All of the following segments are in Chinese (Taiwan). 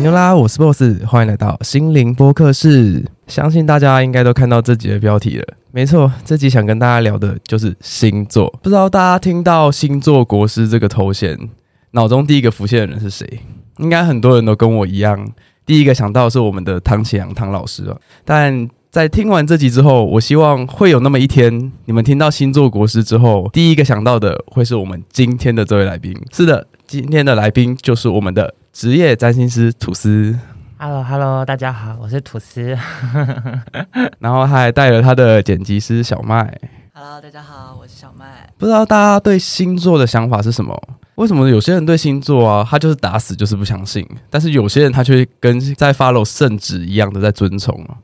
牛啦！我是 BOSS，歡迎來到心靈播客室。相信大家應該都看到這集的標題了。沒錯，這集想跟大家聊的就是星座。不知道大家聽到“星座國師”這個頭銜，腦中第一個浮現的人是誰？應該很多人都跟我一樣，第一個想到是我們的唐綺陽唐老師了。但在聽完這集之後，我希望會有那麼一天，你們聽到“星座國師”之後，第一個想到的會是我們今天的這位來賓。是的，今天的來賓就是我們的。職業占星師吐司，Hello Hello，大家好，我是吐司。 然後他還帶了他的剪輯師小麥。Hello，大家好，我是小麥。不知道大家對星座的想法是什麼？為什麼有些人對星座啊，他就是打死就是不相信，但是有些人他卻跟在 follow 聖旨一樣的在遵從啊。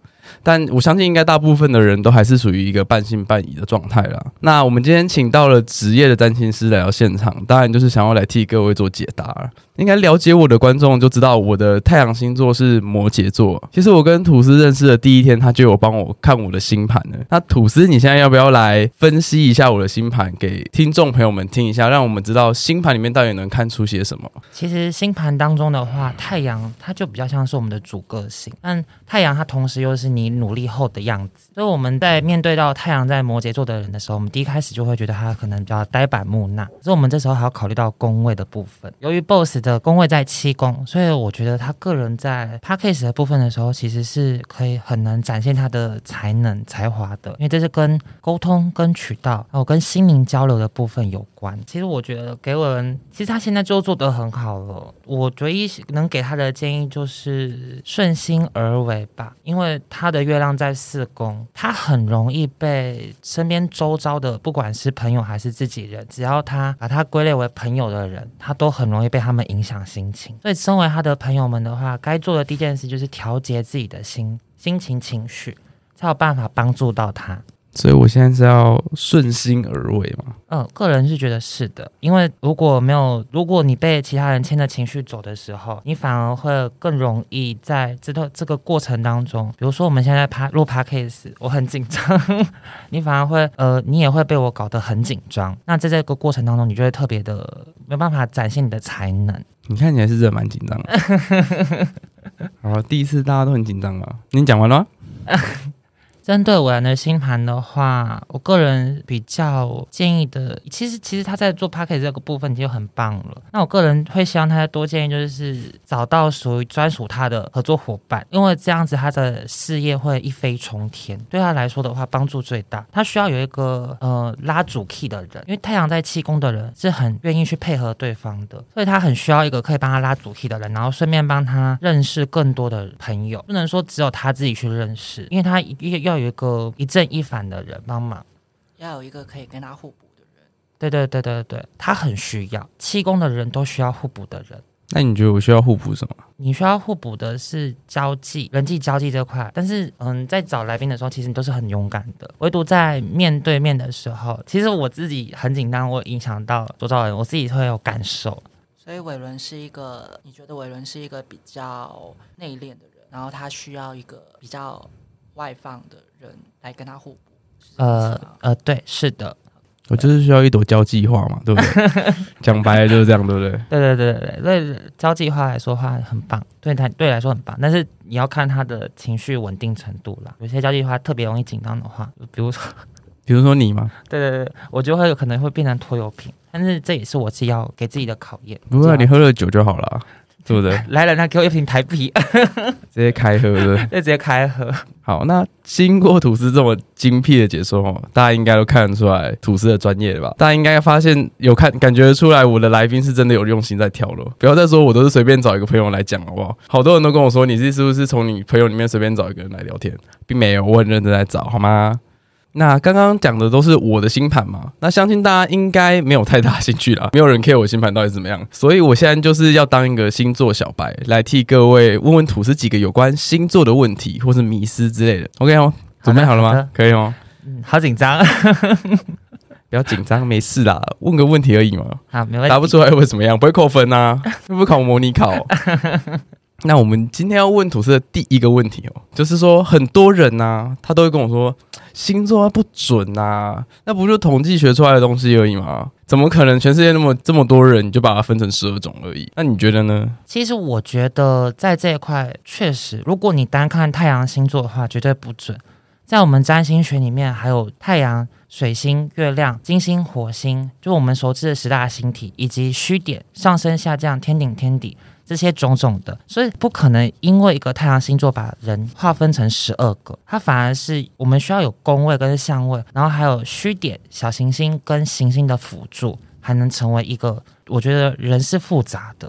但我相信，應該大部分的人都還是屬於一個半信半疑的狀態了。那我們今天請到了職業的占星師來到現場，當然就是想要來替各位做解答了。應該了解我的觀眾就知道我的太陽星座是摩羯座。其實我跟吐司認識的第一天，他就有幫我看我的星盤了。那吐司，你現在要不要來分析一下我的星盤，給聽眾朋友們聽一下，讓我們知道星盤裡面到底能看出些什麼？其實星盤當中的話，太陽它就比較像是我們的主個性，但太陽它同時又是。你努力後的樣子，所以我們在面對到太陽在摩羯座的人的時候，我們第一開始就會覺得他可能比較呆板木訥。所以我們這時候還要考慮到宮位的部分。由於 BOSS 的宮位在七宮，所以我覺得他個人在 Podcast 的部分的時候，其實是可以很能展現他的才能才華的，因為這是跟溝通、跟渠道、還有跟心靈交流的部分有關。其實我覺得給我們，其實他現在就做得很好了。我唯一能給他的建議就是順心而為吧，因為他。他的月亮在四宮，他很容易被身邊周遭的，不管是朋友還是自己人，只要他把他歸類為朋友的人，他都很容易被他們影響心情。所以，身為他的朋友們的話，該做的第一件事就是調節自己的心心情、情緒，才有辦法幫助到他。所以，我現在是要順心而為嘛？嗯、呃，個人是覺得是的，因為如果沒有，如果你被其他人牽着情緒走的時候，你反而會更容易在這個這個過程當中，比如說我們現在趴錄 podcast 我很緊張， 你反而會呃，你也會被我搞得很緊張。那在這個過程當中，你就會特別的沒辦法展現你的才能。你看起來是真的蠻緊張的。 好，第一次大家都很緊張啊。你講完了嗎？ 針對我蘭的星盤的話，我個人比較建議的，其實其實他在做 package 這個部分已經很棒了。那我個人會希望他再多建議，就是找到屬於專屬他的合作夥伴，因為這樣子他的事業會一飛衝天。對他來說的話，幫助最大。他需要有一個呃拉主 key 的人，因為太陽在七宮的人是很願意去配合對方的，所以他很需要一個可以幫他拉主 key 的人，然後順便幫他認識更多的朋友。不能說只有他自己去認識，因為他要要。要有一個一正一反的人幫忙，要有一個可以跟他互補的人。對對對對對，他很需要，氣功的人都需要互補的人。那你覺得我需要互補什麼？你需要互補的是交際，人際交際這塊。但是，嗯，在找來賓的時候，其實你都是很勇敢的，唯獨在面對面的時候，其實我自己很緊張，我影響到多少人，我自己會有感受。所以，偉倫是一個，你覺得偉倫是一個比較內斂的人，然後他需要一個比較。外放的人來跟他互補，呃是是呃，對，是的，對我就是需要一朵交際花嘛，對不對？講 白了就是這樣，對不對？對對對對對，對交際花來說話很棒，對他對來說很棒，但是你要看他的情緒穩定程度啦。有些交際花特別容易緊張的話，比如說，比如說你嗎？對對對，我就會有可能會變成拖油瓶，但是這也是我自己要給自己的考驗。如果、啊、學你喝了酒就好了。是不是來了？他給我一瓶台啤， 直接開喝，對不對？那 直接開喝。好，那經過吐司這麼精闢的解說哦，大家應該都看得出來吐司的專業了吧？大家應該發現有看感覺出來，我的來賓是真的有用心在挑了。不要再說我都是隨便找一個朋友來講，好不好？好多人都跟我說，你是是不是從你朋友裡面隨便找一個人來聊天，並沒有，我很認真在找，好嗎？那剛剛講的都是我的星盤嘛，那相信大家應該沒有太大興趣了，沒有人 care 我星盤到底怎麼樣。所以我現在就是要當一個星座小白，來替各位問問吐司幾個有關星座的問題或是迷思之類的。OK 哦，準備好了嗎？可以哦、嗯，好緊張， 不要緊張，沒事啦，問個問題而已嘛。好，沒問題。答不出來會不會怎麼樣？不會扣分啊，會不會考模擬考。 那我們今天要問吐司的第一個問題哦，就是說很多人吶、啊，他都會跟我說，星座它、啊、不準啊，那不就統計學出來的東西而已嗎？怎麼可能全世界那麼這麼多人，你就把它分成十二種而已？那你覺得呢？其實我覺得在這一塊確實，如果你單看太陽星座的話，絕對不準。在我們占星學裡面，還有太陽、水星、月亮、金星、火星，就我們熟知的十大星體，以及虛點、上升、下降、天頂、天底。這些種種的，所以不可能因為一個太陽星座把人劃分成十二個，它反而是我們需要有宮位跟相位，然後還有虛點、小行星跟行星的輔助，才能成為一個。我覺得人是複雜的，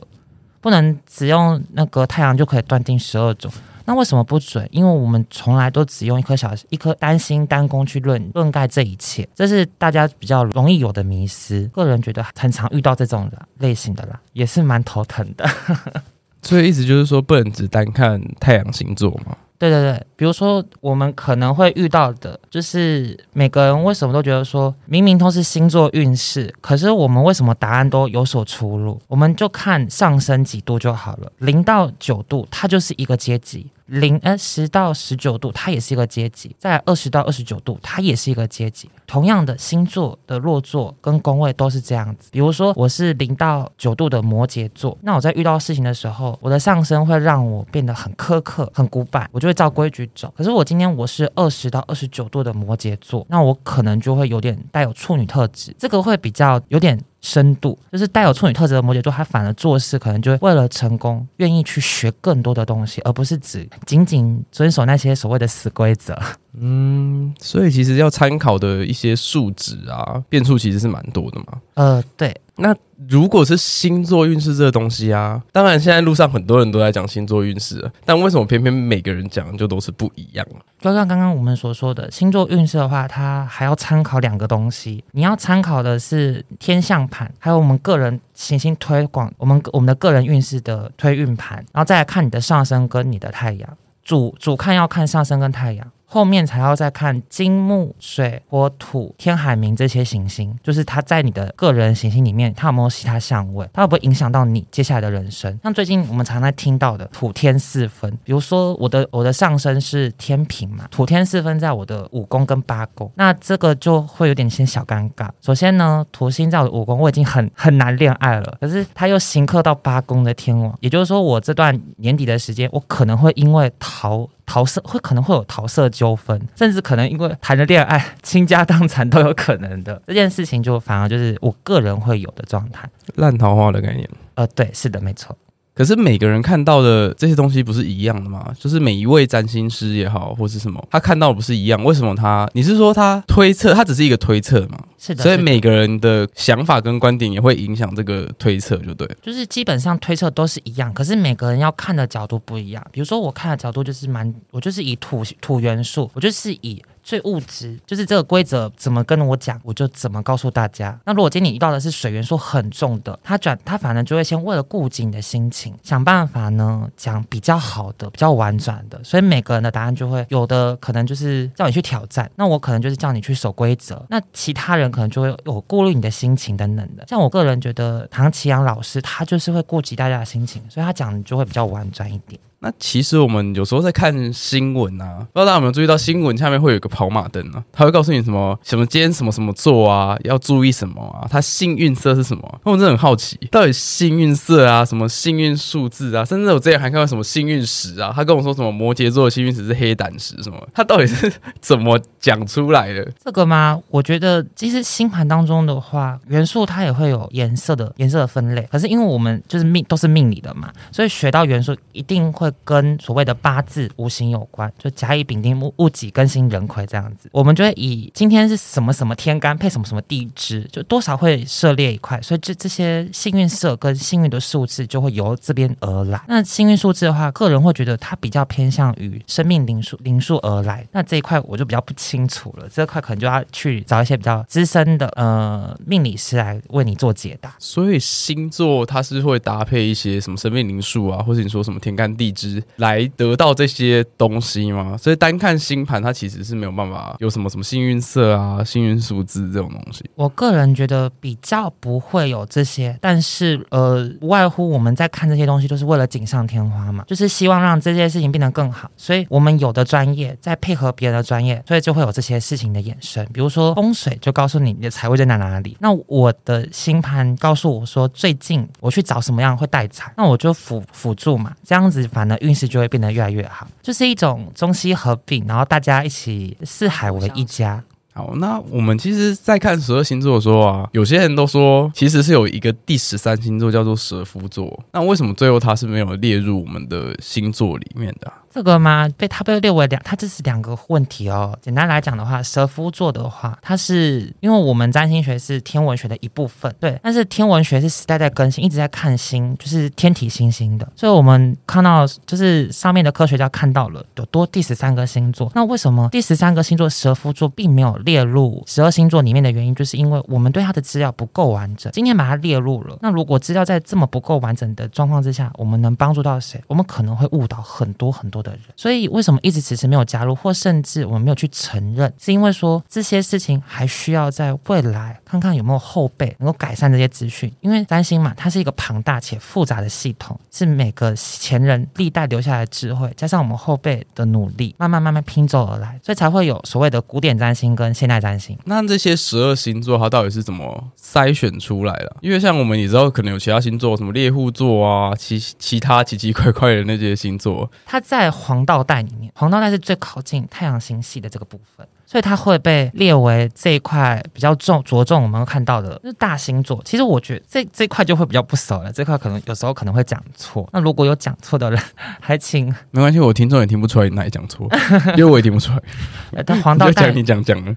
不能只用那個太陽就可以斷定十二種。那為什麼不準？因為我們從來都只用一顆小一顆單星單宮去論論蓋這一切，這是大家比較容易有的迷思。個人覺得很常遇到這種類型的啦，也是蠻頭疼的。 所以意思就是說，不能只單看太陽星座嘛。對對對，比如說我們可能會遇到的，就是每個人為什麼都覺得說，明明都是星座運勢，可是我們為什麼答案都有所出入？我們就看上升幾度就好了，零到九度，它就是一個階級。零誒，十到十九度，它也是一個階級；在二十到二十九度，它也是一個階級。同樣的星座的落座跟宮位都是這樣子。比如說，我是零到九度的摩羯座，那我在遇到事情的時候，我的上升會讓我變得很苛刻、很古板，我就會照規矩走。可是我今天我是二十到二十九度的摩羯座，那我可能就會有點帶有處女特質，這個會比較有點。深度就是帶有處女特質的摩羯座，他反而做事可能就為了成功，願意去學更多的東西，而不是只僅僅遵守那些所謂的死規則。嗯，所以其實要參考的一些數值啊，變數其實是蠻多的嘛。呃，對。那如果是星座運勢這個東西啊，當然現在路上很多人都在講星座運勢，但為什麼偏偏每個人講的就都是不一樣啊？就像剛剛我們所說的星座運勢的話，它還要參考兩個東西，你要參考的是天象盤，還有我們個人行星推廣我們我們的個人運勢的推運盤，然後再來看你的上升跟你的太陽，主主看要看上升跟太陽。後面才要再看金木水火土天海冥這些行星，就是它在你的個人行星裡面，它有沒有其他相位，它會不會影響到你接下來的人生？像最近我們常在聽到的土天四分，比如說我的我的上升是天平嘛，土天四分在我的五宮跟八宮，那這個就會有點些小尷尬。首先呢，土星在我的五宮我已經很很難戀愛了，可是它又刑克到八宮的天王，也就是說我這段年底的時間，我可能會因為逃。桃色會可能會有桃色糾紛，甚至可能因為談了戀愛傾家蕩產都有可能的這件事情，就反而就是我個人會有的狀態。爛桃花的概念，呃，對，是的，沒錯。可是每個人看到的這些東西不是一樣的嗎？就是每一位占星師也好，或是什麼，他看到的不是一樣，為什麼他？你是說他推測，他只是一個推測嗎？是的，所以每個人的想法跟觀點也會影響這個推測，就對。是的就是基本上推測都是一樣，可是每個人要看的角度不一樣。比如說我看的角度就是蠻，我就是以土土元素，我就是以。所以物質就是這個規則，怎麼跟我講，我就怎麼告訴大家。那如果今天你遇到的是水元素很重的，他轉他反而就會先為了顧及你的心情，想辦法呢講比較好的、比較婉轉的。所以每個人的答案就會有的可能就是叫你去挑戰，那我可能就是叫你去守規則。那其他人可能就會有顧慮你的心情等等的。像我個人覺得唐綺陽老師，他就是會顧及大家的心情，所以他講的就會比較婉轉一點。那其實我們有時候在看新聞啊，不知道大家有沒有注意到新聞下面會有一個跑馬燈啊，他會告訴你什麼什麼，什麼什麼間什麼什麼座啊，要注意什麼啊，它幸運色是什麼啊？那我真的很好奇，到底幸運色啊，什麼幸運數字啊，甚至我之前還看到什麼幸運石啊，他跟我說什麼摩羯座的幸運石是黑膽石什麼，他到底是怎麼講出來的？這個嗎？我覺得其實星盤當中的話，元素它也會有顏色的顏色的分類，可是因為我們就是命都是命理的嘛，所以學到元素一定會。跟所謂的八字五行有關，就甲乙丙丁戊戊己庚辛壬癸這樣子，我們就會以今天是什麼什麼天干配什麼什麼地支，就多少會涉獵一塊，所以這這些幸運色跟幸運的數字就會由這邊而來。那幸運數字的話，個人會覺得它比較偏向於生命靈數靈數而來，那這一塊我就比較不清楚了，這一塊可能就要去找一些比較資深的呃命理師來為你做解答。所以星座它是會搭配一些什麼生命靈數啊，或者你說什麼天干地。值來得到這些東西嗎？所以單看星盤，它其實是沒有辦法有什麼什麼幸運色啊、幸運數字這種東西。我個人覺得比較不會有這些，但是呃，不外乎我們在看這些東西就是為了錦上添花嘛，就是希望讓這件事情變得更好。所以我們有的專業在配合別的專業，所以就會有這些事情的衍生。比如說風水就告訴你你的財位在哪、哪裡，那我的星盤告訴我說最近我去找什麼樣會帶財，那我就輔輔助嘛，這樣子反。那運勢就會變得越來越好，就是一種中西合併，然後大家一起四海為一家。好，那我們其實在看十二星座的時候啊，有些人都說其實是有一個第十三星座叫做蛇夫座，那為什麼最後它是沒有列入我們的星座裡面的啊？這個嗎？被它、被列為兩，它這是兩個問題哦。簡單來講的話，蛇夫座的話，它是因為我們占星學是天文學的一部分，對，但是天文學是時代在更新，一直在看星，就是天體星星的。所以我們看到，就是上面的科學家看到了有多第十三個星座。那為什麼第十三個星座蛇夫座並沒有列入十二星座裡面的原因，就是因為我們對它的資料不夠完整。今天把它列入了，那如果資料在這麼不夠完整的狀況之下，我們能幫助到誰？我們可能會誤導很多很多的人，所以為什麼一直遲遲沒有加入，或，甚至我們沒有去承認，是因為說這些事情還需要在未來看看有沒有後輩能夠改善這些資訊，因為占星嘛，它是一個龐大且複雜的系統，是每個前人歷代留下來的智慧，加上我們後輩的努力，慢慢慢慢拼湊而來，所以才會有所謂的古典占星跟現代占星。那這些十二星座它到底是怎麼篩選出來的？因為像我們也知道，可能有其他星座，什麼獵戶座啊，其其他奇奇怪怪的那些星座，它在。在黃道帶裡面，黃道帶是最靠近太陽星系的這個部分。所以它會被列為這一塊比較重着重我們看到的，就是大星座。其實我覺得這這塊就會比較不熟了，這塊可能有時候可能會講錯。那如果有講錯的人，還請沒關係，我聽眾也聽不出來哪一講錯， 因為我也聽不出來。但、 呃、黃道帶講講講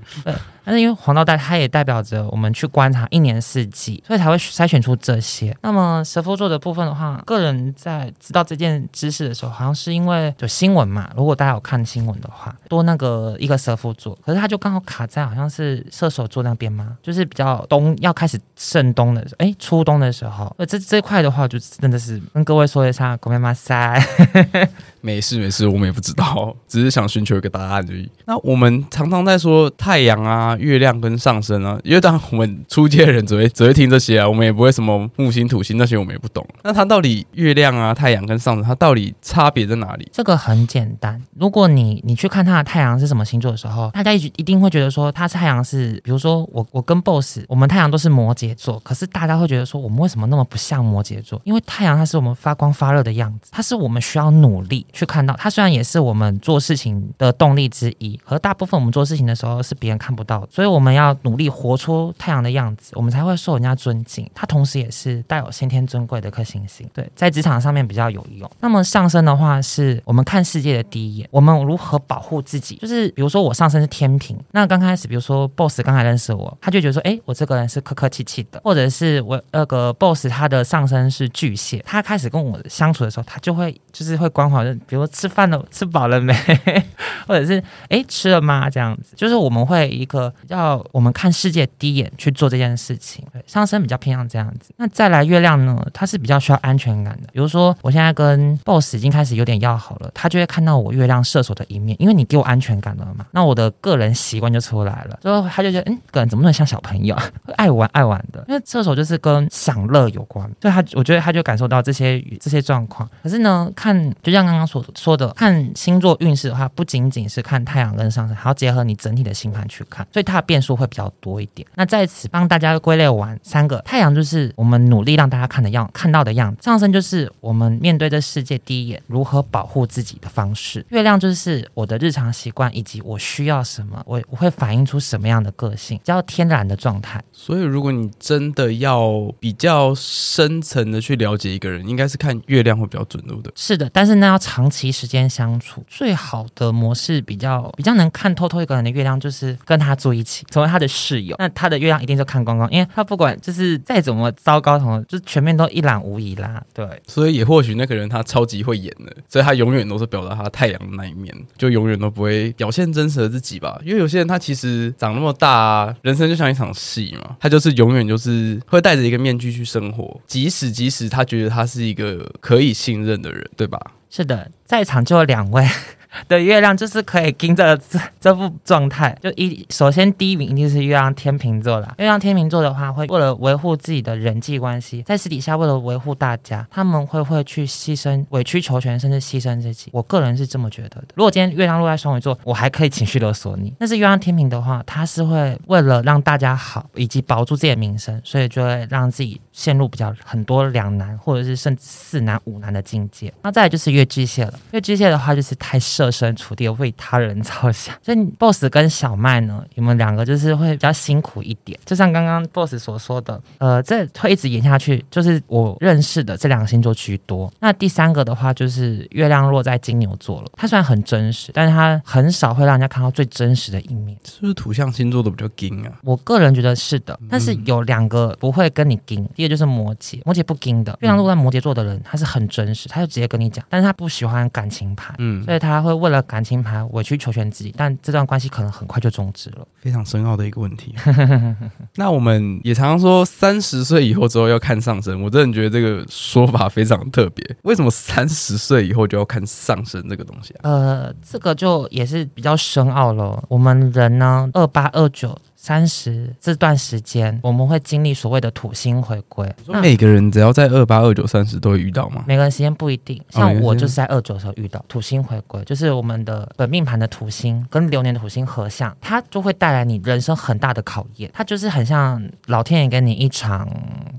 但是因為黃道帶它也代表着我們去觀察一年四季，所以才會篩選出這些。那麼蛇夫座的部分的話，個人在知道這件知識的時候，好像是因為有新聞嘛。如果大家有看新聞的話，多那個一個蛇夫座。可是它就剛好卡在好像是射手座那邊嗎？就是比較冬要開始盛冬的時候，哎，初冬的時候，呃，這這塊的話就真的是跟各位說一聲，ごめんなさい。 沒事沒事，我們也不知道，只是想尋求一個答案而已。那我們常常在說太陽啊、月亮跟上升啊，因為當我們初階的人只會只會聽這些啊，我們也不會什麼木星、土星那些，我們也不懂。那它到底月亮啊、太陽跟上升，它到底差別在哪裡？這個很簡單，如果你你去看它的太陽是什麼星座的時候，大家一一定會覺得說，它太陽是，比如說我我跟 boss，我們太陽都是摩羯座，可是大家會覺得說，我們為什麼那麼不像摩羯座？因為太陽它是我們發光發熱的樣子，它是我們需要努力。去看到它，雖然也是我們做事情的動力之一，可是大部分我們做事情的時候是別人看不到的，所以我們要努力活出太陽的樣子，我們才會受人家尊敬。它同時也是帶有先天尊貴的一顆星星，對，在職場上面比較有用。那麼上升的話，是我們看世界的第一眼，我們如何保護自己？就是比如說我上升是天平，那剛開始，比如說 boss 剛才認識我，他就覺得說，哎、欸，我這個人是客客氣氣的，或者是我那個 boss 他的上升是巨蟹，他開始跟我相處的時候，他就會就是會關懷人。比如吃飯了吃飽了沒， 或者是哎、欸、吃了嗎？這樣子，就是我們會一個要我們看世界第一眼去做這件事情。對，上升比較偏向這樣子。那再來月亮呢？它是比較需要安全感的。比如說我現在跟 boss 已經開始有點要好了，他就會看到我月亮射手的一面，因為你給我安全感了嘛。那我的個人習慣就出來了，所以他就覺得，嗯，個人怎麼能像小朋友，愛玩愛玩的？因為射手就是跟享樂有關，所以他我覺得他就感受到這些這些狀況。可是呢，看就像剛剛。說說的看星座運勢的話，不僅僅是看太陽跟上升，還要結合你整體的星盤去看，所以它的變數會比較多一點。那在此幫大家歸類完三個，太陽就是我們努力讓大家看的樣看到的樣子；上升就是我們面對這世界第一眼如何保護自己的方式；月亮就是我的日常習慣以及我需要什麼，我我會反映出什麼樣的個性，比較天然的狀態。所以，如果你真的要比較深層的去了解一個人，應該是看月亮會比較準，對不對？是的，但是那要長。長期時間相處，最好的模式比較比較能看透透一個人的月亮，就是跟他住一起，成為他的室友。那他的月亮一定就看光光，因為他不管就是再怎麼糟糕，什麼就全面都一覽無遺啦。對，所以也或許那個人他超級會演的，所以他永遠都是表達他的太陽的那一面，就永遠都不會表現真實的自己吧？因為有些人他其實長那麼大啊，人生就像一場戲嘛，他就是永遠就是會戴着一個面具去生活，即使即使他覺得他是一個可以信任的人，對吧？是的，在場就有兩位的月亮，就是可以盯着這這副狀態。就一首先第一名就是月亮天平座了天秤座啦。月亮天平座天秤座的話，會為了維護自己的人際關係，在私底下為了維護大家，他們會會去犧牲、委曲求全，甚至犧牲自己。我個人是這麼覺得的。如果今天月亮落在雙魚座，我還可以情緒勒索你。但是月亮天平天秤的話，他是會為了讓大家好，以及保住自己的名聲，所以就會讓自己。陷入比較很多兩難，或者是甚至四難五難的境界。那、啊、再來就是月巨蟹了，月巨蟹的話就是太設身處地為他人着想，所以 BOSS 跟小麥呢，你們兩個就是會比較辛苦一點。就像剛剛 BOSS 所說的，呃，這會一直演下去，就是我認識的這兩個星座居多。那第三個的話就是月亮落在金牛座了，它雖然很真實，但是它很少會讓人家看到最真實的一面。是不是土象星座都比較硬啊？我個人覺得是的，但是有兩個不會跟你硬，第二。就是摩羯，摩羯不金的。月亮落在摩羯座的人，他是很真實，嗯、他就直接跟你講。但是他不喜歡感情牌，嗯，所以他會為了感情牌委曲求全自己。但這段關係可能很快就終止了。非常深奧的一個問題。 那我們也常常說三十歲以後之後要看上升，我真的覺得這個說法非常特別。為什麼三十歲以後就要看上升這個東西啊？呃，這個就也是比較深奧了。我們人呢，二八二九。三十這段時間，我們會經歷所謂的土星回歸。那每個人只要在二八二九三十都會遇到嗎？每個人時間不一定。像我就是在二九的時候遇到土星回歸，oh, yes, 就是我們的本命盤的土星跟流年的土星合相，它就會帶來你人生很大的考驗。它就是很像老天爺跟你一場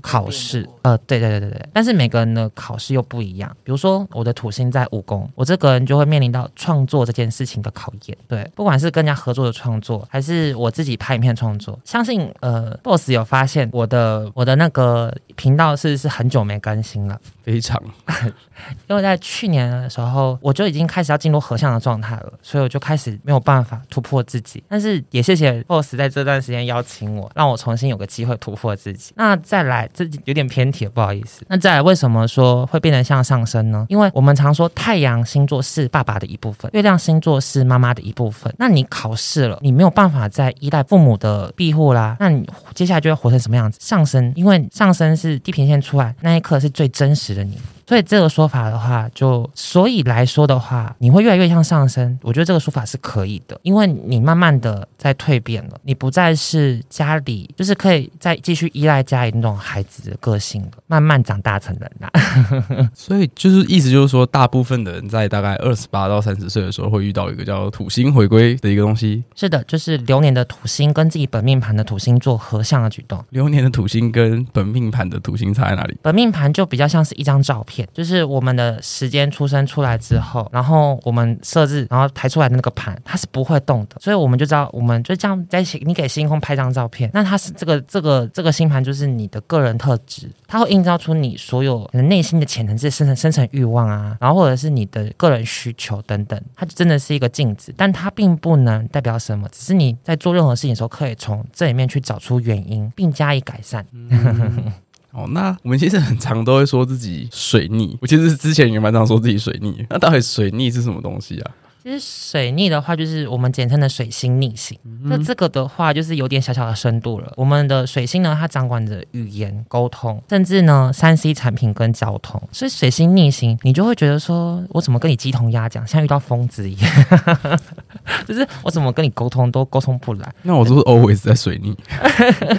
考試。對呃，對對對對對。但是每個人的考試又不一樣。比如說我的土星在五宮，我這個人就會面臨到創作這件事情的考驗。對，不管是跟人家合作的創作，還是我自己拍影片。創作相信呃，boss 有發現我的我的那個頻道是是很久沒更新了，非常， 因為在去年的時候我就已經開始要進入合相的狀態了，所以我就開始沒有辦法突破自己。但是也謝謝 boss 在這段時間邀請我，讓我重新有個機會突破自己。那再來，這有點偏題，不好意思。那再來，為什麼說會變得向上升呢？因為我們常說太陽星座是爸爸的一部分，月亮星座是媽媽的一部分。那你考試了，你沒有辦法再依賴父母。的庇護啦，那你接下來就要活成什麼樣子？上升，因為上升是地平線出來那一刻是最真實的你。所以這個說法的話，就所以來說的話，你會越來越像上升。我覺得這個說法是可以的，因為你慢慢的在蛻變了，你不再是家裡，就是可以再繼續依賴家裡那種孩子的個性，慢慢長大成人啦，啊。所以就是意思就是說，大部分的人在大概二十八到三十歲的時候，會遇到一個叫土星回歸的一個東西。是的，就是流年的土星跟自己本命盤的土星做合相的舉動。流年的土星跟本命盤的土星差在哪裡？本命盤就比較像是一張照片。就是我們的時間出生出來之後，然後我們設置，然後抬出來的那個盤，它是不會動的。所以我們就知道，我們就這樣在星，你給星空拍張照片，那它是這個這個這個星盤，就是你的個人特質，它會映照出你所有你的內心的潛能，是生成、生成慾望啊，然後或者是你的個人需求等等，它真的是一個鏡子，但它並不能代表什麼，只是你在做任何事情的時候，可以從這裡面去找出原因，並加以改善。嗯 哦，那我們其實很常都會說自己水逆。我其實之前也蠻常說自己水逆。那到底水逆是什麼東西啊？其實水逆的話，就是我們簡稱的水星逆行。嗯、哼那這個的話，就是有點小小的深度了。我們的水星呢，它掌管着語言、溝通，甚至呢，三 C 產品跟交通。所以水星逆行，你就會覺得說我怎麼跟你雞同鴨講，像遇到瘋子一樣， 就是我怎麼跟你溝通都溝通不來。那我就是不是 always 在水逆？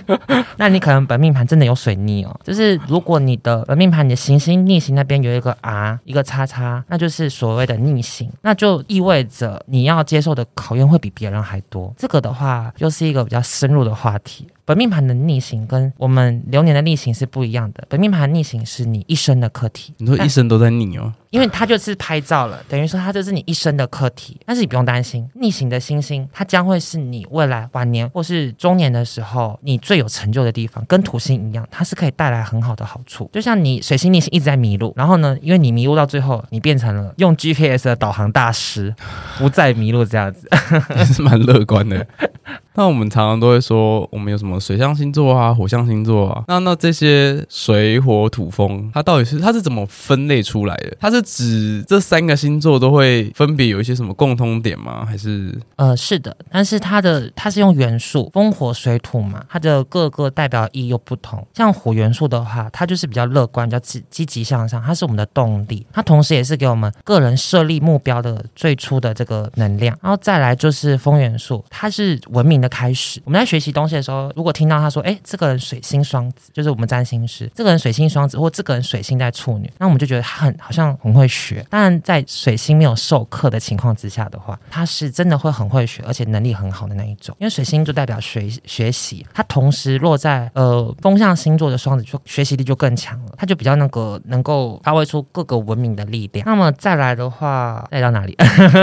對 那你可能本命盤真的有水逆哦、喔。就是如果你的本命盤，你的行星逆行那邊有一個 r 一個叉叉，那就是所謂的逆行，那就意味。或者你要接受的考驗會比別人還多，這個的話又是一個比較深入的話題。本命盤的逆行跟我們流年的逆行是不一樣的。本命盤逆行是你一生的課題。你說一生都在逆哦？因為它就是拍照了，等於說它就是你一生的課題。但是你不用擔心，逆行的星星它將會是你未來晚年或是中年的時候你最有成就的地方。跟土星一樣，它是可以帶來很好的好處。就像你水星逆行一直在迷路，然後呢，因為你迷路到最後，你變成了用 GPS 的導航大師，不再迷路這樣子。 也是蠻樂觀的。 那我們常常都會說，我們有什麼水象星座啊，火象星座啊。那那這些水、火、土、風，它到底是它是怎麼分類出來的？它是指這三個星座都會分別有一些什麼共通點嗎？還是呃，是的，但是它的它是用元素風、火、水、土嘛，它的各個代表意義又不同。像火元素的話，它就是比較樂觀，叫積積極向上，它是我們的動力，它同時也是給我們個人設立目標的最初的這個能量。然後再來就是風元素，它是文明的開始，我們在學習東西的時候，如果聽到他說：“哎，這個人水星雙子，就是我們占星師，這個人水星雙子，或這個人水星在處女。”那我們就覺得他很好像很會學。但在水星沒有授課的情況之下的話，他是真的會很會學，而且能力很好的那一種。因為水星就代表學學習，他同時落在呃風象星座的雙子，就學習力就更強了，他就比較那個能夠發揮出各個文明的力量。那麼再來的話，再到哪裡？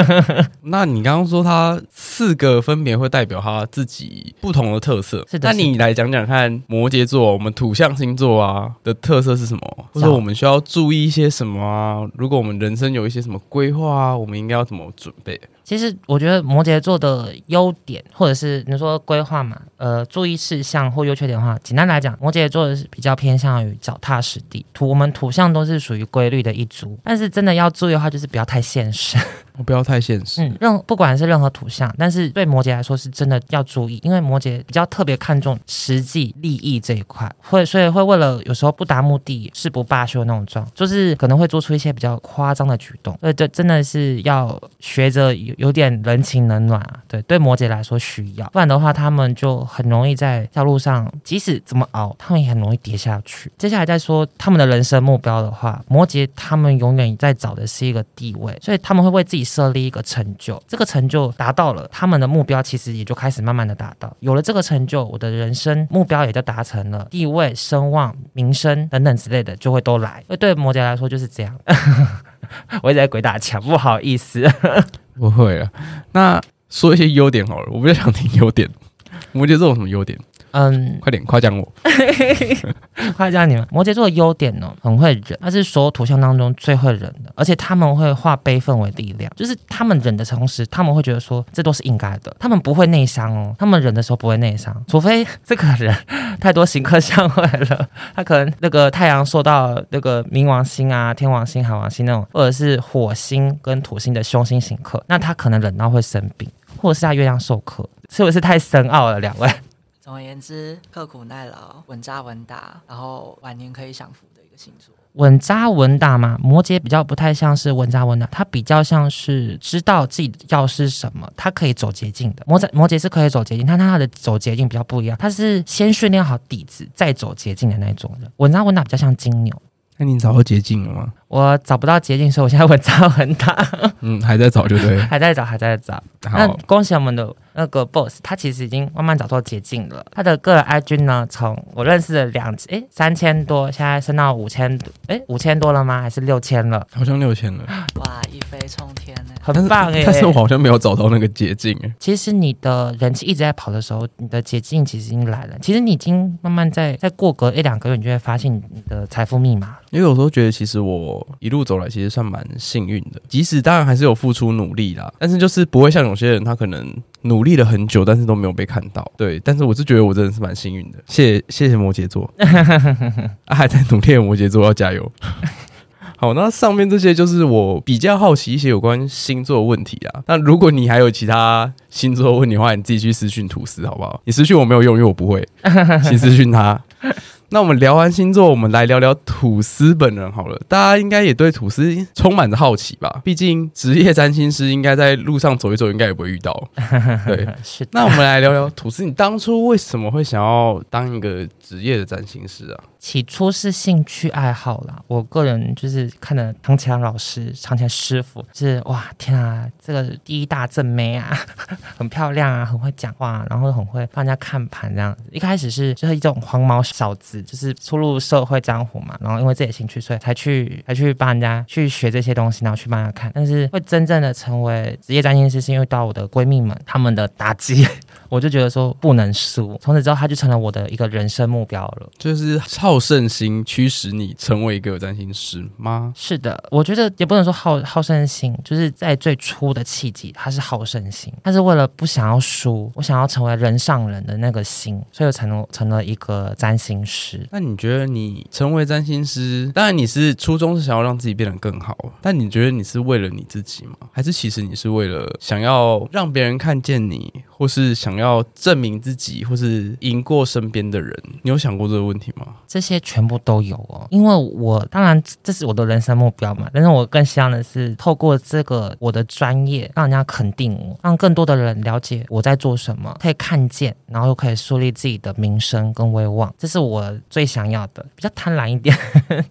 那你剛剛說他四個分別會代表他自己不同的特色，那你來講講看，摩羯座我們土象星座啊的特色是什麼，或者我們需要注意一些什麼啊？如果我們人生有一些什麼規劃啊，我們應該要怎麼準備？其實我覺得摩羯座的優點，或者是你說規劃嘛，呃，注意事項或優缺點的話，簡單來講，摩羯座的是比較偏向於腳踏實地。土，我們土象都是屬於規律的一組，但是真的要注意的話，就是不要太現實，不要太現實。嗯，任不管是任何土象，但是對摩羯來說是真的要注意，因為摩羯比較特別看重實際利益這一塊，會所以會為了有時候不達目的誓不罷休的那種狀，就是可能會做出一些比較誇張的舉動。呃，對，真的是要學着有。有點人情冷暖啊，對對，摩羯來說需要，不然的話他們就很容易在道路上，即使怎麼熬，他們也很容易跌下去。接下來再說他們的人生目標的話，摩羯他們永遠在找的是一個地位，所以他們會為自己設立一個成就。這個成就達到了，他們的目標其實也就開始慢慢的達到。有了這個成就，我的人生目標也就達成了，地位、聲望、名聲等等之類的就會都來。對摩羯來說就是這樣， 我一直在鬼打牆，不好意思。 不會啊，那說一些優點好了，我比較想聽優點。摩羯座有什麼優點？嗯，快點誇獎我！誇獎 你們。摩羯座的優點呢、喔，很會忍，他是所有土象當中最會忍的，而且他們會化悲憤為力量，就是他們忍的同時，他們會覺得說這都是應該的。他們不會內傷哦，他們忍的時候不會內傷，除非這個人太多刑剋相位了，他可能那個太陽受到那個冥王星啊、天王星、海王星那種，或者是火星跟土星的凶星刑剋，那他可能忍到會生病，或者是在月亮受剋，是不是太深奧了？兩位？總而言之，刻苦耐勞、穩扎穩打，然後晚年可以享福的一個星座。穩扎穩打嘛，摩羯比較不太像是穩扎穩打，他比較像是知道自己要是什麼，他可以走捷徑的。摩羯摩羯是可以走捷徑，但他他的走捷徑比較不一樣，他是先訓練好底子再走捷徑的那種的。穩扎穩打比較像金牛。那、欸、你找到捷徑了嗎？我找不到捷徑，所以我現在文章很大， 嗯，還在找，對不對？還在找，還在找。那好恭喜我們的那個 boss，他其實已經慢慢找到捷徑了。他的個人 IG 呢，從我認識的兩哎三千多，現在升到五千哎、欸、五千多了嗎？還是六千了？好像六千了。哇！飛沖天呢、欸，很棒、欸、但是我好像沒有找到那個捷徑、欸、其實你的人氣一直在跑的時候，你的捷徑其實已經來了。其實你已經慢慢在在過個一兩個月，你就會發現你的財富密碼。因為有時候覺得，其實我一路走來，其實算蠻幸運的。即使當然還是有付出努力啦，但是就是不會像有些人，他可能努力了很久，但是都沒有被看到。對，但是我是覺得我真的是蠻幸運的。謝謝謝摩羯座， 啊、還在努力的摩羯座要加油。 好，那上面這些就是我比較好奇一些有關星座問題啊。那如果你還有其他星座問題的話，你自己去私訊吐司好不好？你私訊我沒有用，因為我不會，去私訊他。 那我們聊完星座，我們來聊聊吐司本人好了。大家應該也對吐司充滿着好奇吧？畢竟職業占星師應該在路上走一走，應該也不會遇到。 對，那我們來聊聊吐司，你當初為什麼會想要當一個職業的占星師啊？起初是興趣愛好啦，我個人就是看了唐綺陽老師、唐綺陽師傅，就是哇天啊，這個第一大正妹啊，很漂亮啊，很會講話，然後很會幫人家看盤這樣子。一開始是就是一種黃毛小子，就是初入社會江湖嘛。然後因為自己的興趣，所以才去才去幫人家去學這些東西，然後去幫人家看。但是會真正的成為職業占星師，是因為遇到我的閨蜜們他們的打擊，我就覺得說不能輸。從此之後，他就成了我的一個人生目標了，就是超。好勝心驅使你成為一個占星師嗎？是的，我覺得也不能說好好勝心，就是在最初的契機，它是好勝心，它是為了不想要輸，我想要成為人上人的那個心，所以我才能成，成了一個占星師。那你覺得你成為占星師，當然你是初衷是想要讓自己變得更好，但你覺得你是為了你自己嗎？還是其實你是為了想要讓別人看見你，或是想要證明自己，或是贏過身邊的人？你有想過這個問題嗎？這些全部都有哦，因為我當然這是我的人生目標嘛，但是我更希望的是透過這個我的專業，讓人家肯定我，讓更多的人了解我在做什麼，可以看見，然後又可以樹立自己的名聲跟威望，這是我最想要的，比較貪婪一點，呵呵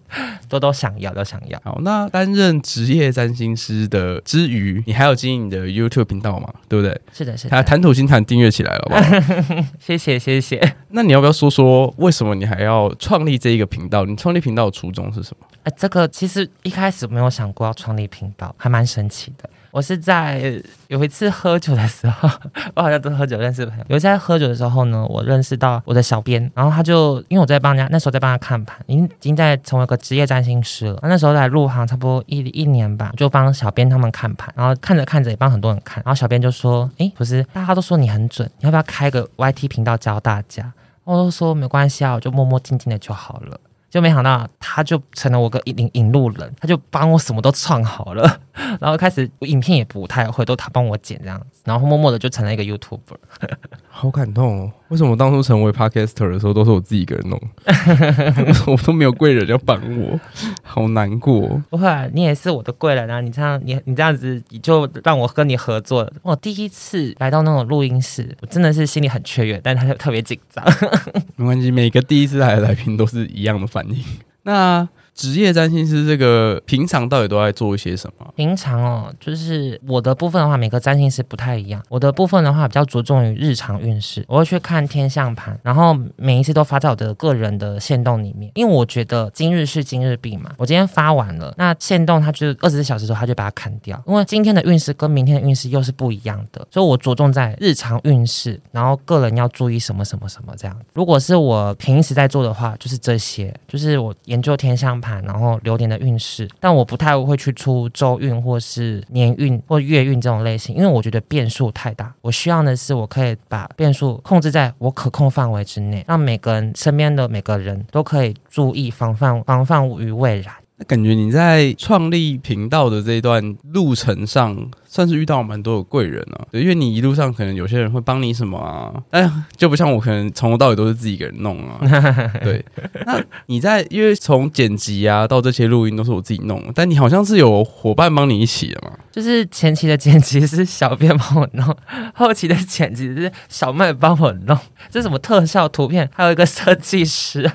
多都想要都想要。想要。好，那擔任職業占星師的之餘，你還有經營你的 YouTube 頻道嗎，對不對？是的，是的。啊，談吐心談訂閱起來了吧？好不好 謝謝，謝謝、欸。那你要不要說說為什麼你還要創？創立這一個頻道，你創立頻道的初衷是什麼？哎、欸，這個其實一開始沒有想過要創立頻道，還蠻神奇的。我是在有一次喝酒的時候，我好像都喝酒認識朋友。有一次在喝酒的時候呢，我認識到我的小編，然後他就因為我在幫人家，那時候在幫他看盤，已經在成為一個職業占星師了。啊、那時候在入行差不多一一年吧，就幫小編他們看盤，然後看着看着也幫很多人看。然後小編就說：“哎，不是，大家都說你很準，你要不要開個 YT 頻道教大家？”我都說沒關係啊，我就默默靜靜的就好了，就沒想到他就成了我個引引路人，他就幫我什麼都創好了，然後開始我影片，也不太會，都他幫我剪這樣子，然後默默的就成了一個 YouTuber。 好感動哦！為什麼當初成為 podcaster 的時候都是我自己一個人弄？ 我都沒有貴人要幫我，好難過哦。不會啊，你也是我的貴人啊！你這樣，你你這樣子你就讓我跟你合作。我第一次來到那種錄音室，我真的是心裡很雀躍，但是特別緊張。 沒關係，每個第一次來的來賓都是一樣的反應。 那。職業占星師這個平常到底都在做一些什麼？平常哦，就是我的部分的話，每個占星師不太一樣。我的部分的話比較着重於日常運勢，我會去看天象盤，然後每一次都發在我的個人的限動裡面，因為我覺得今日事今日畢嘛。我今天發完了，那限動它就是二十四小時之後它就把它砍掉，因為今天的運勢跟明天的運勢又是不一樣的，所以我着重在日常運勢，然後個人要注意什麼什麼什麼這樣。如果是我平時在做的話，就是這些，就是我研究天象盤，然後流年的運勢，但我不太會去出周運或是年運或月運這種類型，因為我覺得變數太大。我需要的是，我可以把變數控制在我可控範圍之內，讓每個人身邊的每個人都可以注意防範，防範於未然。感覺你在創立頻道的這一段路程上，算是遇到蠻多的貴人啊。對，因為你一路上可能有些人會幫你什麼啊？哎，就不像我，可能從頭到尾都是自己一個人弄啊。對，那你在因為從剪輯啊到這些錄音都是我自己弄，但你好像是有夥伴幫你一起的嘛？就是前期的剪輯是小編幫我弄，後期的剪輯是小麥幫我弄。這什麼特效、圖片，還有一個設計師。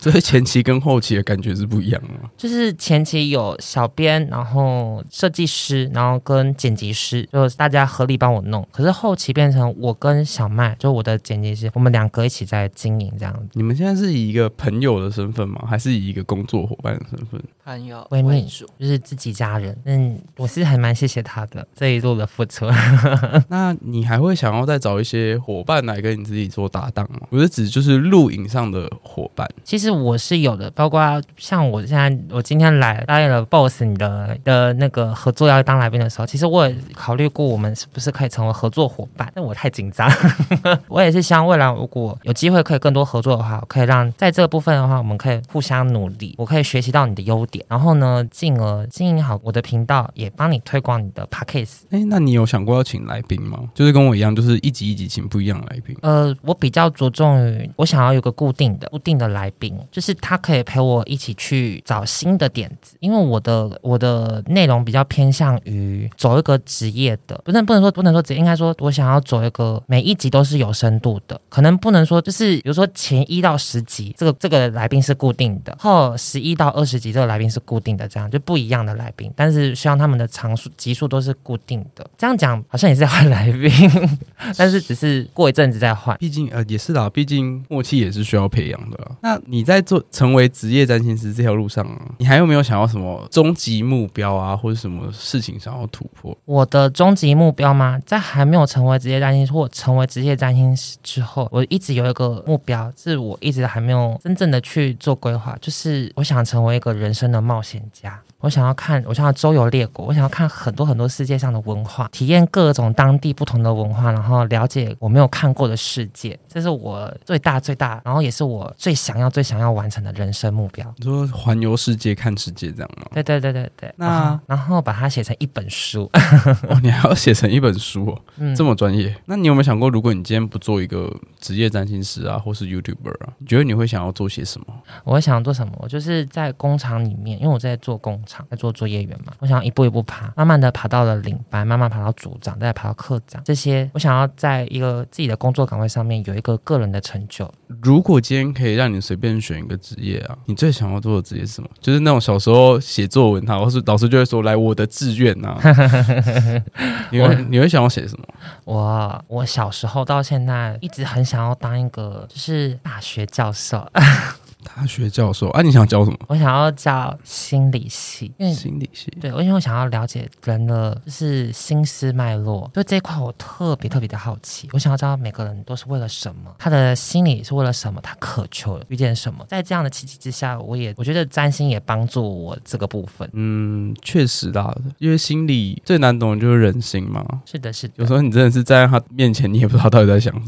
所以前期跟後期的感覺是不一樣的。就是前期有小編，然後設計師，然後跟剪輯師，就是大家合力幫我弄。可是後期變成我跟小麥，就是我的剪輯師，我們兩個一起在經營這樣子。你們現在是以一個朋友的身份嗎？還是以一個工作伙伴的身份？朋友、閨蜜、主，就是自己家人。嗯，我是還蠻謝謝他的這一路的付出。 那你還會想要再找一些伙伴來跟你自己做搭檔嗎？我是指就是錄影上的伙伴。其實。是，我是有的，包括像我現在，我今天來答應了 boss 你的的那個合作要當來賓的時候，其實我也考慮過我們是不是可以成為合作夥伴。但我太緊張呵呵，我也是希望未來如果有機會可以更多合作的話，可以讓在這個部分的話，我們可以互相努力，我可以學習到你的優點，然後呢，進而經營好我的頻道，也幫你推廣你的 podcast。哎，那你有想過要請來賓嗎？就是跟我一樣，就是一集一集請不一樣的來賓。呃，我比較着重於我想要有個固定的、固定的來賓。就是他可以陪我一起去找新的點子，因為我的我的內容比較偏向於走一個職業的，不能不能說不能說職業，應該說我想要走一個每一集都是有深度的，可能不能說就是比如說前一到十集這個這個來賓是固定的，後十一到二十集這個來賓是固定的，這樣就不一樣的來賓，但是希望他們的場數集數都是固定的，這樣講好像也是在換來賓，但是只是過一陣子再換，畢竟呃也是啦，畢竟默契也是需要培養的，那你。在做成為職業占星師這條路上，啊，你還有沒有想要什麼終極目標啊，或者什麼事情想要突破？我的終極目標嗎？在還沒有成為職業占星師或成為職業占星師之後，我一直有一個目標，是我一直還沒有真正的去做規劃，就是我想成為一個人生的冒險家。我想要看，我想要周遊列國，我想要看很多很多世界上的文化，體驗各種當地不同的文化，然後了解我沒有看過的世界，這是我最大最大，然後也是我最想要最想要完成的人生目標。你說環遊世界看世界這樣嗎？對對對對對。那，然後，然後把它寫成一本書。 哦，你還要寫成一本書啊。這麼專業。嗯。那你有沒有想過，如果你今天不做一個職業占星師啊，或是 YouTuber 啊，你覺得你會想要做些什麼？我會想要做什麼？我就是在工廠裡面，因為我在做工。在做作業員嘛，我想要一步一步爬，慢慢的爬到了領班，慢慢爬到組長，再爬到課長。這些我想要在一個自己的工作崗位上面有一個個人的成就。如果今天可以讓你隨便選一個職業啊，你最想要做的職業是什麼？就是那種小時候寫作文，他或是導師就會說，來我的志願啊。 你會我你會想要寫什麼？我我小時候到現在一直很想要當一個就是大學教授。 大學教授啊，你想教什麼？我想要教心理系，嗯，心理系，對，我因為我想要了解人的就是心思脈絡，就這一塊我特別特別的好奇。我想要知道每個人都是為了什麼，他的心理是為了什麼，他渴求遇見什麼。在這樣的契機之下，我也我覺得占星也幫助我這個部分。嗯，確實啦，因為心理最難懂的就是人心嘛。是的，是的，是的，有時候你真的是站在他面前，你也不知道他到底在想什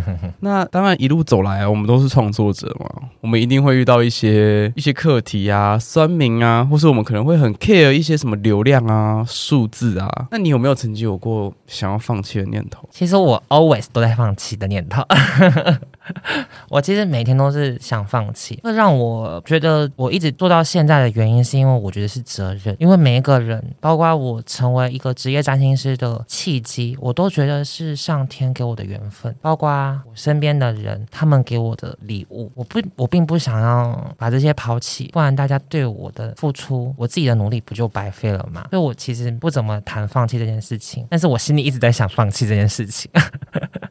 麼。 那當然，一路走來啊，我們都是創作者嘛，我們一。一定會遇到一些一些課題啊、酸民啊，或是我們可能會很 care 一些什麼流量啊、數字啊。那你有沒有曾經有過想要放棄的念頭？其實我 always 都在放棄的念頭。 我其實每天都是想放棄。那讓我覺得我一直做到現在的原因，是因為我覺得是責任。因為每一個人，包括我成為一個職業占星師的契機，我都覺得是上天給我的緣分。包括我身邊的人，他們給我的禮物，我不，我並不想要把這些拋棄。不然大家對我的付出，我自己的努力不就白費了嗎？所以，我其實不怎麼談放棄這件事情。但是我心裡一直在想放棄這件事情。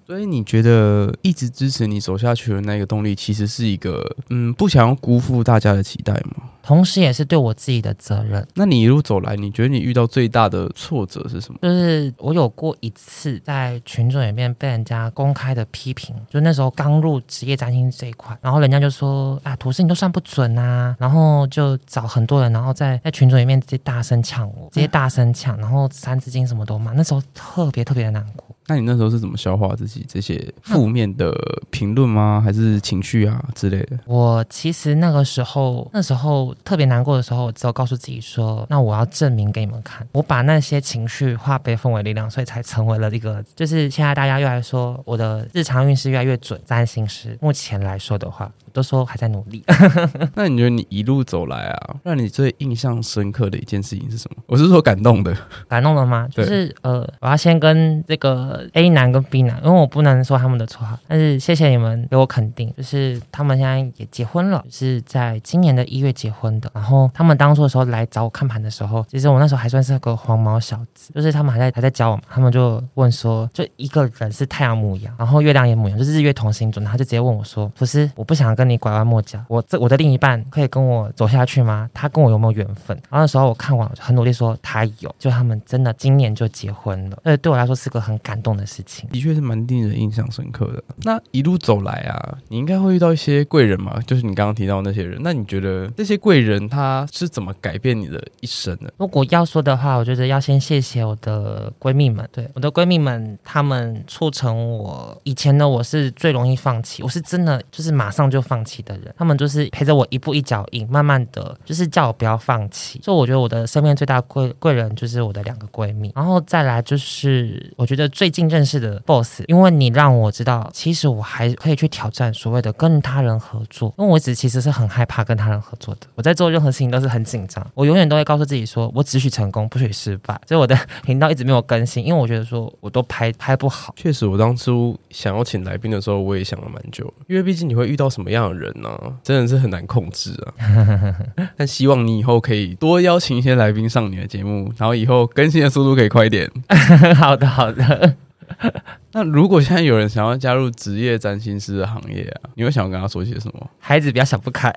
所以你覺得一直支持你走下去的那個動力，其實是一個嗯，不想要辜負大家的期待嗎？同時也是對我自己的責任。那你一路走來，你覺得你遇到最大的挫折是什麼？就是我有過一次在群組裡面被人家公開的批評，就那時候剛入職業占星這一塊，然後人家就說啊，吐司你都算不準吶，啊，然後就找很多人，然後在在群組裡面直接大聲搶我，直接大聲搶，然後三字經什麼都罵，那時候特別特別的難過。那你那時候是怎麼消化自己這些負面的評論嗎？那還是情緒啊之類的？我其實那個時候，那時候特別難過的時候，我只有告訴自己說：“那我要證明給你們看，我把那些情緒化悲憤為力量，所以才成為了一個就是現在大家越來越說我的日常運勢越來越準，占星師目前來說的話。”都說還在努力。 那你覺得你一路走來啊，讓你最印象深刻的一件事情是什麼？我是說感動的，感動了嗎？就是對 呃，我要先跟這個 A 男跟 B 男，因為我不能說他們的綽號，但是謝謝你們給我肯定。就是他們現在也結婚了，就是在今年的一月結婚的。然後他們當初的時候來找我看盤的時候，其實我那時候還算是個黃毛小子，就是他們還在還在交往，他們就問說，就一個人是太陽牡羊，然後月亮也牡羊，就是日月同星座，然後就直接問我說，不是我不想跟。你拐彎抹角，我這我的另一半可以跟我走下去嗎？他跟我有沒有緣分？然後那時候我看完，我就很努力說他有，就他們真的今年就結婚了。呃，對我來說是個很感動的事情，的確是蠻令人印象深刻的。那一路走來啊，你應該會遇到一些貴人嘛，就是你剛剛提到的那些人。那你覺得那些貴人他是怎麼改變你的一生呢？如果要說的話，我覺得要先謝謝我的閨蜜們，對，我的閨蜜們，她們促成我。以前呢，我是最容易放棄，我是真的就是馬上就放。放棄的人，他們就是陪着我一步一腳印，慢慢的就是叫我不要放棄。所以我覺得我的身邊最大貴貴人就是我的兩個閨蜜，然後再來就是我覺得最近認識的 boss，因為你讓我知道，其實我還可以去挑戰所謂的跟他人合作。因為我一直其實是很害怕跟他人合作的，我在做任何事情都是很緊張，我永遠都會告訴自己說我只許成功不許失敗。所以我的頻道一直沒有更新，因為我覺得說我都拍拍不好。確實，我當初想要請來賓的時候，我也想了蠻久，因為畢竟你會遇到什麼樣的。這樣的人呢、啊，真的是很難控制啊！ 但希望你以後可以多邀請一些來賓上你的節目，然後以後更新的速度可以快一點。 好的，好的。 那如果現在有人想要加入職業占星師的行業啊，你會想要跟他說些什麼？孩子比較想不開，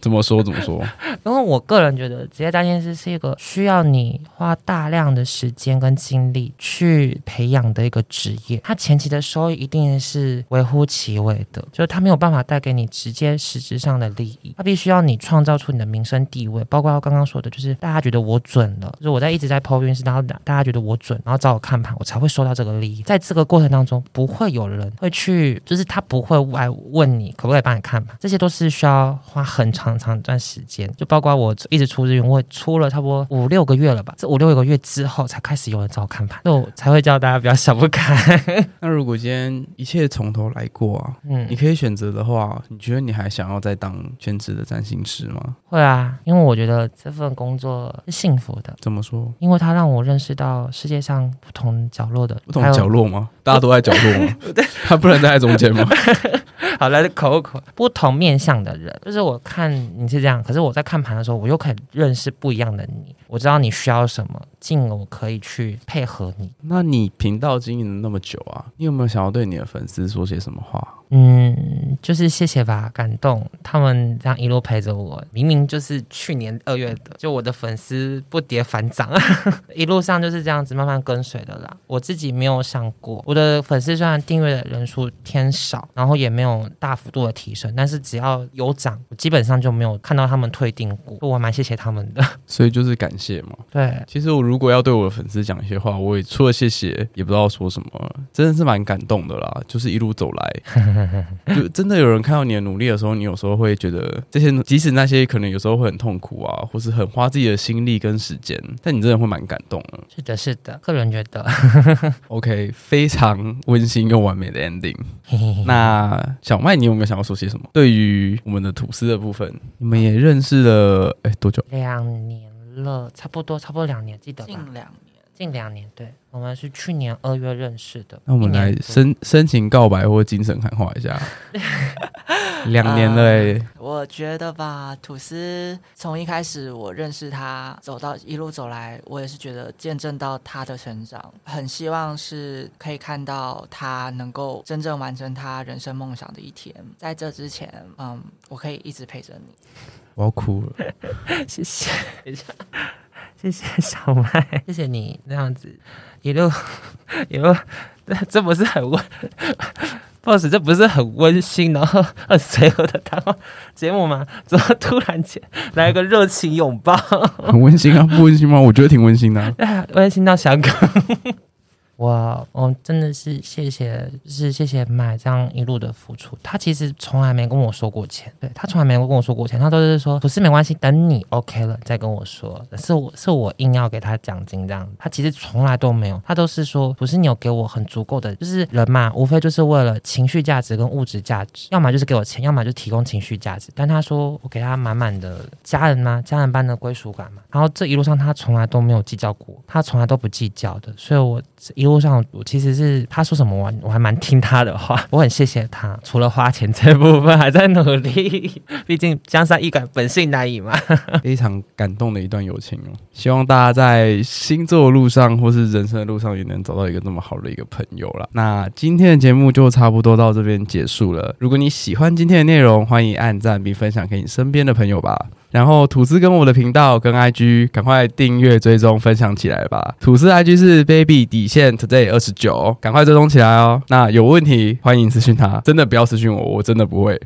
怎麼說怎麼說？麼說因為我個人覺得，職業占星師是一個需要你花大量的時間跟精力去培養的一個職業。它前期的收益一定是微乎其微的，就是它沒有辦法帶給你直接實質上的利益。它必須要你創造出你的名聲地位，包括剛剛說的，就是大家覺得我準了，就是我在一直在拋運勢，然後大家覺得我準，然後找我看盤，我才會收到這個利益。在這個過程當中，不會有人會去，就是他不會來問你可不可以幫你看盤，這些都是需要花很長很長一段時間。就包括我一直出日運，我也出了差不多五六個月了吧。這五六個月之後，才開始有人找我看盤，那我才會叫大家不要想不開。 那如果今天一切從頭來過啊，嗯，你可以選擇的話，你覺得你還想要再當全職的占星師嗎？會啊，因為我覺得這份工作是幸福的。怎麼說？因為它讓我認識到世界上不同角落的，不同角落。嗎？大家都在角落嗎？ 對 他不能在中間嗎？ 好，來口口不同面向的人，就是我看你是這樣，可是我在看盤的時候，我又可以認識不一樣的你，我知道你需要什麼，進了我可以去配合你。那你頻道經營了那麼久啊，你有沒有想要對你的粉絲說些什麼話？嗯，就是謝謝吧，感動他們這樣一路陪着我。明明就是去年二月的，就我的粉絲不跌反漲， 一路上就是這樣子慢慢跟隨的啦。我自己沒有想過，我的粉絲雖然訂閱的人數偏少，然後也沒有大幅度的提升，但是只要有漲，我基本上就沒有看到他們退訂過，所以我蠻謝謝他們的。所以就是感謝嘛。對，其實我如果要對我的粉絲講一些話，我也除了謝謝也不知道說什麼，真的是蠻感動的啦，就是一路走來。 就真的有人看到你的努力的時候，你有時候會覺得這些，即使那些可能有時候會很痛苦啊，或是很花自己的心力跟時間，但你真的會蠻感動的。是的，是的，個人覺得。 OK，非常溫馨又完美的 ending。 那小麥，你有沒有想要說些什麼？對於我們的吐司的部分，你們也認識了哎、欸、多久？兩年了，差不多，差不多兩年，記得吧？近兩年。近兩年，對，我們是去年二月認識的。那我們來深對深情告白或精神喊話一下， 兩年了，欸呃。我覺得吧，吐司從一開始我認識他，走到一路走來，我也是覺得見證到他的成長，很希望是可以看到他能夠真正完成他人生夢想的一天。在這之前，嗯、呃，我可以一直陪着你。我要哭了， 謝謝。謝謝小麥，謝謝你這樣子，也就也就這不是很溫 ，boss，這不是很溫馨，然後呃、啊、隨和的談話節目嘛？怎麼突然間來個熱情擁抱？很溫馨啊，不溫馨嗎？我覺得挺溫馨的，啊啊，溫馨到小狗。 我，我真的是謝謝，就是謝謝麥這樣一路的付出。他其實從來沒跟我說過錢，對，他從來沒跟我說過錢，他都是說不是沒關係，等你 OK 了再跟我說。是我是我硬要給他獎金這樣。他其實從來都沒有，他都是說不是你有給我很足夠的，就是人嘛，無非就是為了情緒價值跟物質價值，要麼就是給我錢，要麼就提供情緒價值。但他說我給他滿滿的家人嘛、啊，家人般的歸屬感嘛。然後這一路上他從來都沒有計較過，他從來都不計較的，所以我一路。路上，我其實是他說什麼，我我還蠻聽他的話，我很謝謝他。除了花錢這部分，還在努力，畢竟江山易改，本性難移嘛。非常感動的一段友情哦，希望大家在星座路上或是人生的路上也能找到一個那麼好的一個朋友了。那今天的節目就差不多到這邊結束了。如果你喜歡今天的內容，歡迎按讚並分享給你身邊的朋友吧友、哦朋友。然後吐司跟我的頻道跟 I G 趕快訂閱追蹤分享起來吧。吐司 I G 是 baby 底線 today 二十九，趕快追蹤起來哦。那有問題歡迎私訊他，真的不要私訊我，我真的不會。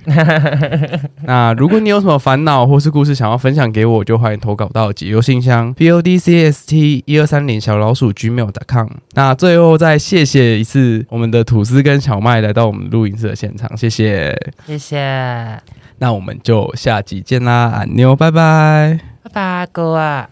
那如果你有什麼煩惱或是故事想要分享給我，就歡迎投稿到解憂信箱 bodcst 一二三零小老鼠 gmail.com。那最後再謝謝一次我們的吐司跟小麥來到我們錄音室的現場，謝謝，謝謝。那我們就下集見啦，阿妞，拜拜，拜拜，哥啊。